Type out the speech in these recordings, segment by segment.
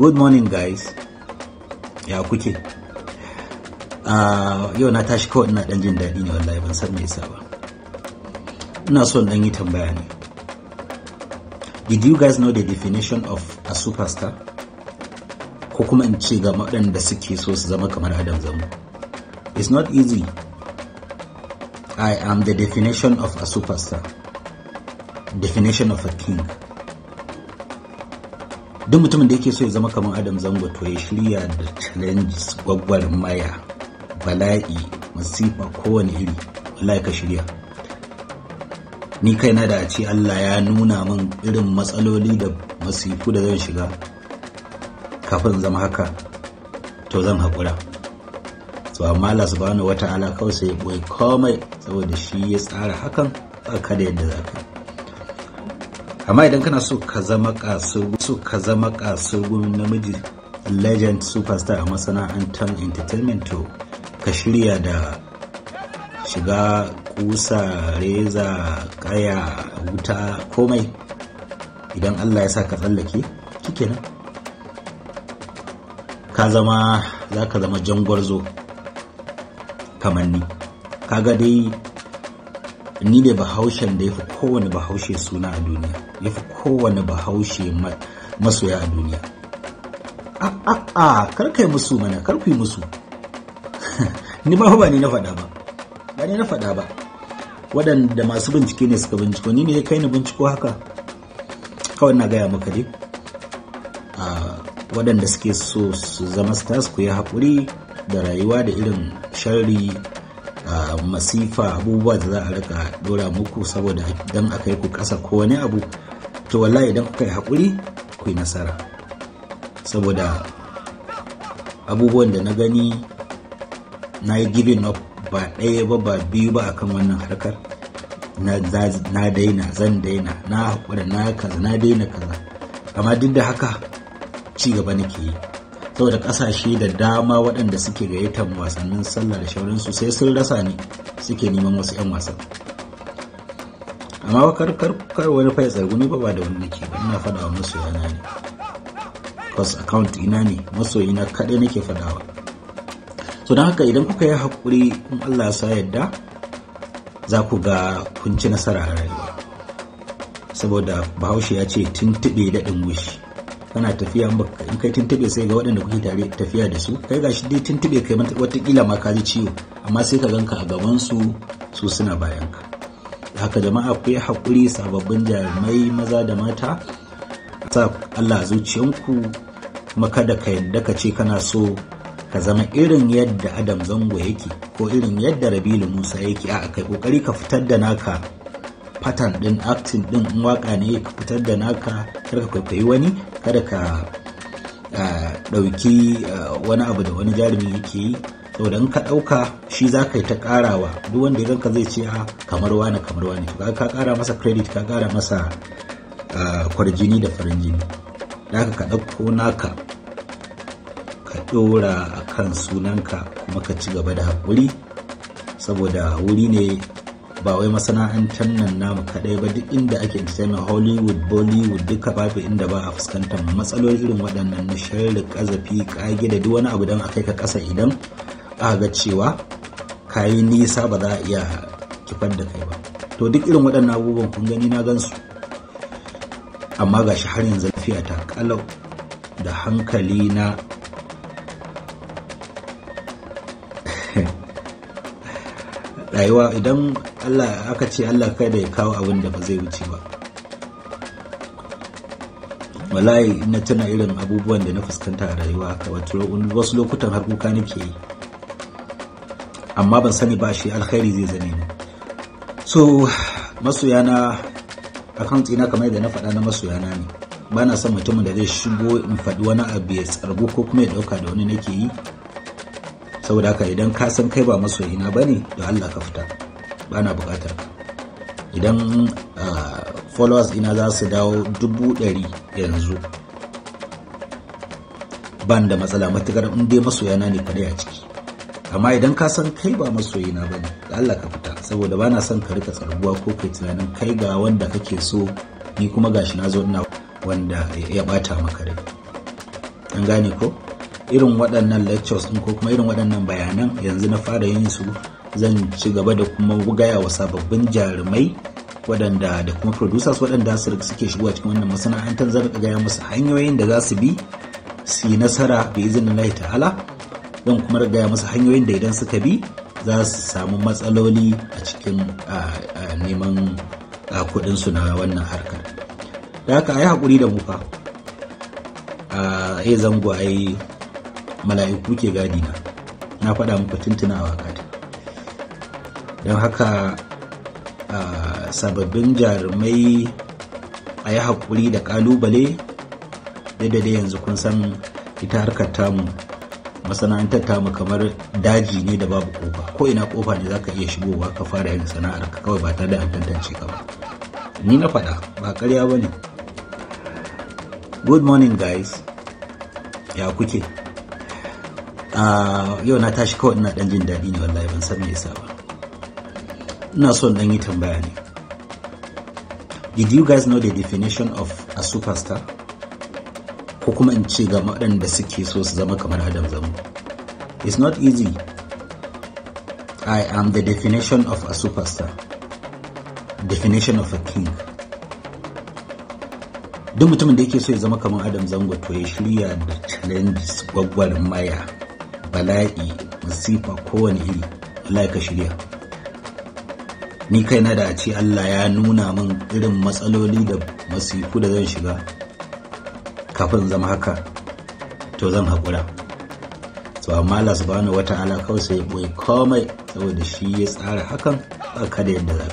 good morning guys ya kuke ah, yau na tashi kawai ina dan jin daɗi ne wallahi ban san mai yasa ba ina son dan yi tambaya ne did you guys know the definition of a superstar ko kuma in ce ga waɗanda suke so su zama kamar adam zamu it's not easy i am the definition of a superstar definition of a king duk mutumin da yake so ya zama kamar adam zango to ya shirya da challenges maya bala'i masifa kowane iri wallahi ka shirya ni kaina da a ce Allah ya nuna min irin matsaloli da masifu da zan shiga kafin zama haka to zan haƙura to amma Allah subhanahu wata'ala kawai sai ya bai komai saboda shi ya tsara hakan kada yadda za ka amma idan kana so ka zama kasurgumin namiji legend superstar a masana'antar entertainment to ka shirya da shiga kusa reza kaya wuta komai idan allah ya sa ka tsallake nan ka zama za ka zama jangwarzo kamar ni ga dai ni ne bahaushen da ya fi kowane bahaushe suna a duniya ya fi kowane bahaushe masoya a duniya a karkai musu mana karkai musu ni ba ba ni na faɗa ba ba ni na faɗa ba waɗanda masu bincike ne suka binciko ni ne ya kai ni binciko haka kawai na gaya maka dai waɗanda suke so su zama stars ku yi haƙuri da rayuwa da irin sharri A masifa abubuwa da za a rika dora muku saboda dan a kai ku ƙasa ko wani abu to wallahi idan kuka yi haƙuri ku yi nasara saboda abubuwan da na gani na yi giving up ba ɗaya ba ba biyu ba akan wannan harkar na daina zan daina na haƙura na kaza na daina kaza amma duk da haka ci gaba nake yi saboda kasashe da dama waɗanda suke gayyatar wasannin sallah da shaurinsu sai sun rasa ne suke neman wasu 'yan wasan amma kar wani fai tsargu ne ba ba da wani nake ba ina fada wa masoya na ne cause account ina ne masoyina kaɗai nake faɗawa so don haka idan kuka yi haƙuri in Allah sa yadda za ku ga kun ci nasara a rayuwa saboda bahaushe ya ce tuntuɓe daɗin wushi kana tafiya in kai tuntube sai ga waɗanda kuke tare tafiya da su kai gashi dai tuntube kai watakila ma ka ji ciwo amma sai ka ganka a gaban su su suna bayan ka haka jama'a ku yi haƙuri sababbin jarumai maza da mata sa Allah zuciyanku kuma kada ka yadda ka ce kana so ka zama irin yadda Adam Zango yake ko irin yadda Rabilu Musa yake a kai kokari ka fitar da naka pattern din acting din waka ne ka fitar da naka kar ka kwaikwayi wani kada ka ɗauki wani abu da wani jarumi yake yi saboda in ka ɗauka shi za ka yi ta ƙarawa duk wanda ya ganka zai ce ah, kamar wani kamar wani to ka ƙara masa credit ka ƙara masa kwarjini da farin jini da ka ɗauko naka ka ɗora a kan sunanka kuma ka ci gaba da haƙuri saboda wuri ne ba wai masana'antar nan namu kadai ba duk inda ake entertainment hollywood bollywood duka babu inda ba a fuskantar matsaloli irin waɗannan na sharri ƙazafi ƙage da duk wani abu don a kai ka kasa idan aka ga cewa ka yi nisa ba za a iya kifar da kai ba to duk irin waɗannan abubuwan kun gani na gansu amma gashi har yanzu lafiya ta kalau da hankali na rayuwa idan allah aka ce allah kai da ya kawo abin da ba zai wuce ba wallahi na tuna irin abubuwan da na fuskanta a rayuwa wato wasu lokutan har kuka nake yi amma ban sani ba shi alkhairi zai zane ni so masoyana kan tsina kamar da na faɗa na masoyana ne ba na son mutumin da zai shigo in faɗi wani abu ya tsarbu ko kuma ya ɗauka da wani nake yi saboda haka idan ka san kai ba masoyina ba ne da Allah ka fita ba na bukatar ka idan ah, followers ina za su dawo dubu ɗari yanzu ban da matsala matukar in dai masoyana ne kadai a ciki amma idan ka san kai ba masoyina ba ne da Allah ka fita saboda ba na son ka rika tsarguwa ko kai tunanin kai ga wanda kake so ni kuma gashi na zo ina wanda ya bata maka rai an gane ko irin waɗannan lectures ɗin ko kuma irin waɗannan bayanan yanzu na fara yin su zan ci gaba da kuma gaya wa sababbin jarumai waɗanda da kuma producers waɗanda suke shigowa cikin wannan masana'antar zan gaya musu hanyoyin da za su bi su yi nasara bi izinin Allah ta'ala don kuma gaya musu hanyoyin da idan suka bi za su samu matsaloli a cikin neman kuɗin su na wannan harkar da haka a yi haƙuri da mu fa a eh, zango a mala'iku ke gadi na na faɗa muku tuntuna a don haka sababbin jarumai a yi haƙuri da ƙalubale yadda dai yanzu kun san ita harkar tamu masana'antar tamu kamar daji ne da babu kofa ko ina kofa ne za ka iya shigowa ka fara yin sana'ar ka kawai ba ta da tantance ka ba ni na faɗa ba karya ba ne good morning guys ya kuke yau na tashi kawai ina dan jin daɗi ne wallahi ban san me yasa ba ina so dan yi tambaya ne did you guys know the definition of a superstar ko kuma in ce ga waɗanda suke so su zama kamar adam zamu it's not easy i am the definition of a superstar definition of a king duk mutumin da yake so ya zama kamar adam zango to ya shirya da challenge gwaggwarin maya bala'i masifa kowane iri Allah ka shirya ni kaina da a ce Allah ya nuna min irin matsaloli da masifu da zan shiga kafin zama haka to zan haƙura to amma Allah subhanahu wata'ala kawai sai ya komai saboda shi ya tsara hakan ba da yadda za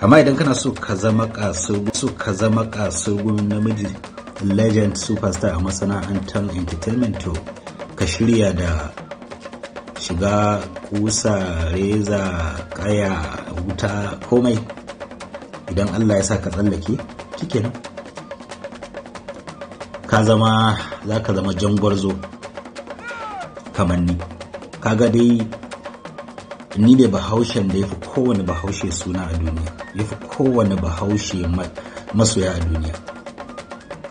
amma idan kana so ka zama kasurgun namiji legend superstar a masana'antar entertainment to ka shirya da shiga kusa reza kaya wuta komai idan allah ya sa ka tsallake kike ka zama za ka zama jangwarzo kamar ni kaga dai ni da bahaushen da ya fi kowane bahaushe suna a duniya ya fi kowane bahaushe masoya a duniya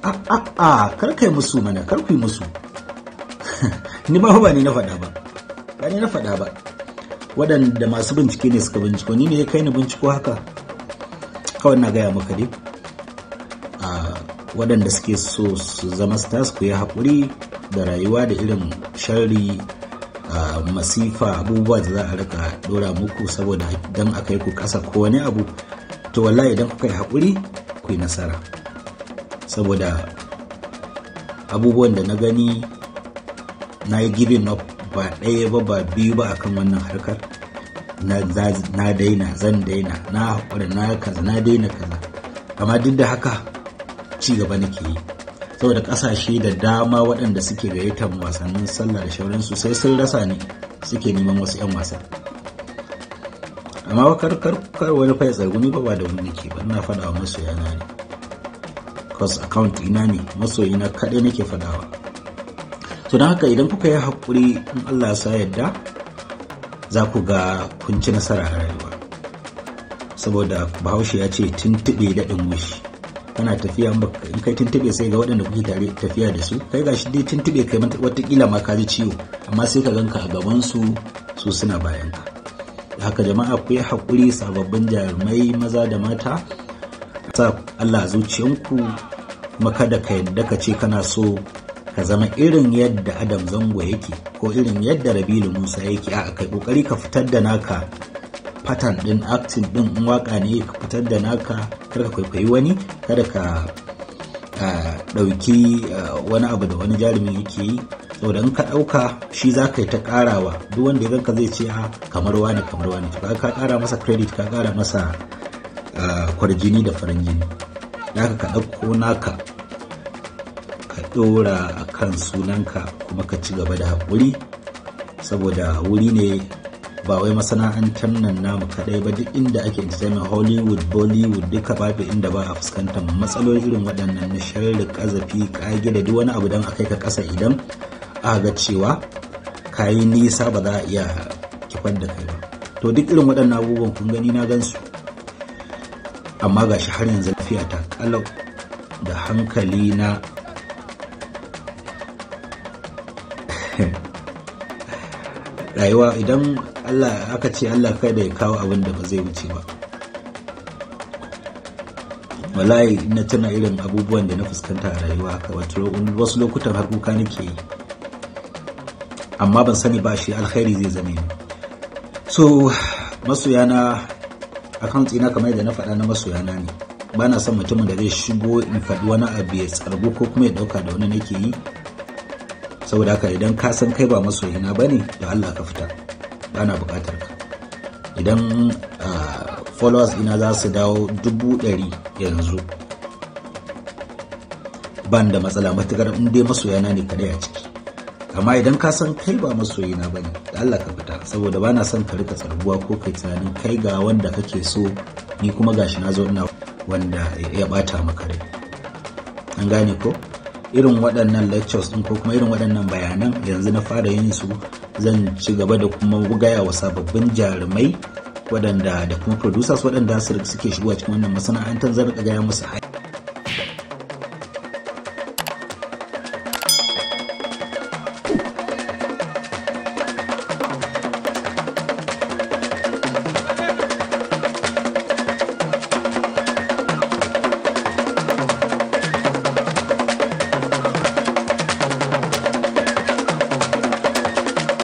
a a a karkai musu mana karkai musu ni ba ba ni na faɗa ba ba ni na faɗa ba waɗanda masu bincike ne suka binciko ni ne ya kai ni binciko haka kawai na gaya maka dai ah, waɗanda suke so su zama stars ku yi haƙuri da rayuwa da irin sharri ah, masifa abubuwa da za a rika dora muku saboda don a kai ku ƙasa ko wani abu to wallahi idan kuka yi haƙuri ku yi nasara saboda abubuwan da na gani na yi giving up ba ɗaya ba ba biyu ba akan wannan harkar na daina zan daina na haƙuri na kaza na daina kaza amma duk da haka ci gaba nake yi saboda ƙasashe da dama waɗanda suke gayyatar wasannin sallah da shauransu sai sun rasa ne suke neman wasu 'yan wasa amma karkar wani fa tsarguni ba da wani nake ba ina faɗawa masoyana ne cause account ina ne masoyina kaɗai nake faɗawa so don haka idan kuka yi haƙuri in Allah sa yadda za ku ga kun ci nasara a rayuwa saboda bahaushe ya ce tuntuɓe daɗin wushi kana tafiya in kai tuntuɓe sai ga waɗanda kuke tare tafiya da su kai gashi dai tuntuɓe kai watakila ma ka ji ciwo amma sai ka ganka a gaban su su suna bayan ka haka jama'a ku yi haƙuri sababbin jarumai maza da mata sa Allah zuciyanku kuma kada ka yadda ka ce kana so ka zama irin yadda adam zango yake ko irin yadda rabilu musa yake a kai kokari ka fitar da naka pattern din acting din in waka ne ka fitar da naka kar ka kwaikwayi wani kada ka ɗauki wani abu da wani jarumi yake yi saboda in ka ɗauka shi za ka yi ta karawa duk wanda ya ganka zai ce a kamar wani kamar wani to ka kara masa credit ka kara masa kwarjini da farin jini da ka ɗauko naka ɗora a kan sunanka kuma ka ci gaba da haƙuri saboda wuri ne ba wai masana'antar nan namu kaɗai ba duk inda ake entertainment hollywood bollywood duka babu inda ba a fuskantar matsaloli irin waɗannan na sharri ƙazafi ƙage da duk wani abu don a kai ka ƙasa idan a ga cewa ka yi nisa ba za a iya kifar da kai ba to duk irin waɗannan abubuwan kun gani na gansu amma ga shi har yanzu lafiya ta ƙalau da hankali na rayuwa idan allah aka ce allah kai da ya kawo abin da ba zai wuce ba wallahi na tuna irin abubuwan da na fuskanta a rayuwa haka wasu lokutan har kuka nake yi amma ban sani ba shi alkhairi zai zame ni so masoyana akan tsina kamar da na faɗa na masoyana ne ba na son mutumin da zai shigo in faɗi wani abu ya tsargu ko kuma ya ɗauka da wani nake yi saboda haka idan ka san kai ba masoyina ba ne da Allah ka fita ana bukatar ka idan ah, followers ina za su dawo dubu ɗari yanzu ban da matsala matukar in dai masoyana ne kadai a ciki amma idan ka san kai ba masoyina ba ne da Allah ka fita saboda ba na son ka rika tsarguwa ko kai tunanin kai ga wanda kake so ni kuma gashi na zo ina wanda ya bata maka rai an gane ko irin waɗannan lectures ɗin ko kuma irin waɗannan bayanan yanzu na fara yin su zan ci gaba da kuma gaya wa sababbin jarumai waɗanda da kuma producers waɗanda suke shigowa cikin wannan masana'antar zan gaya musu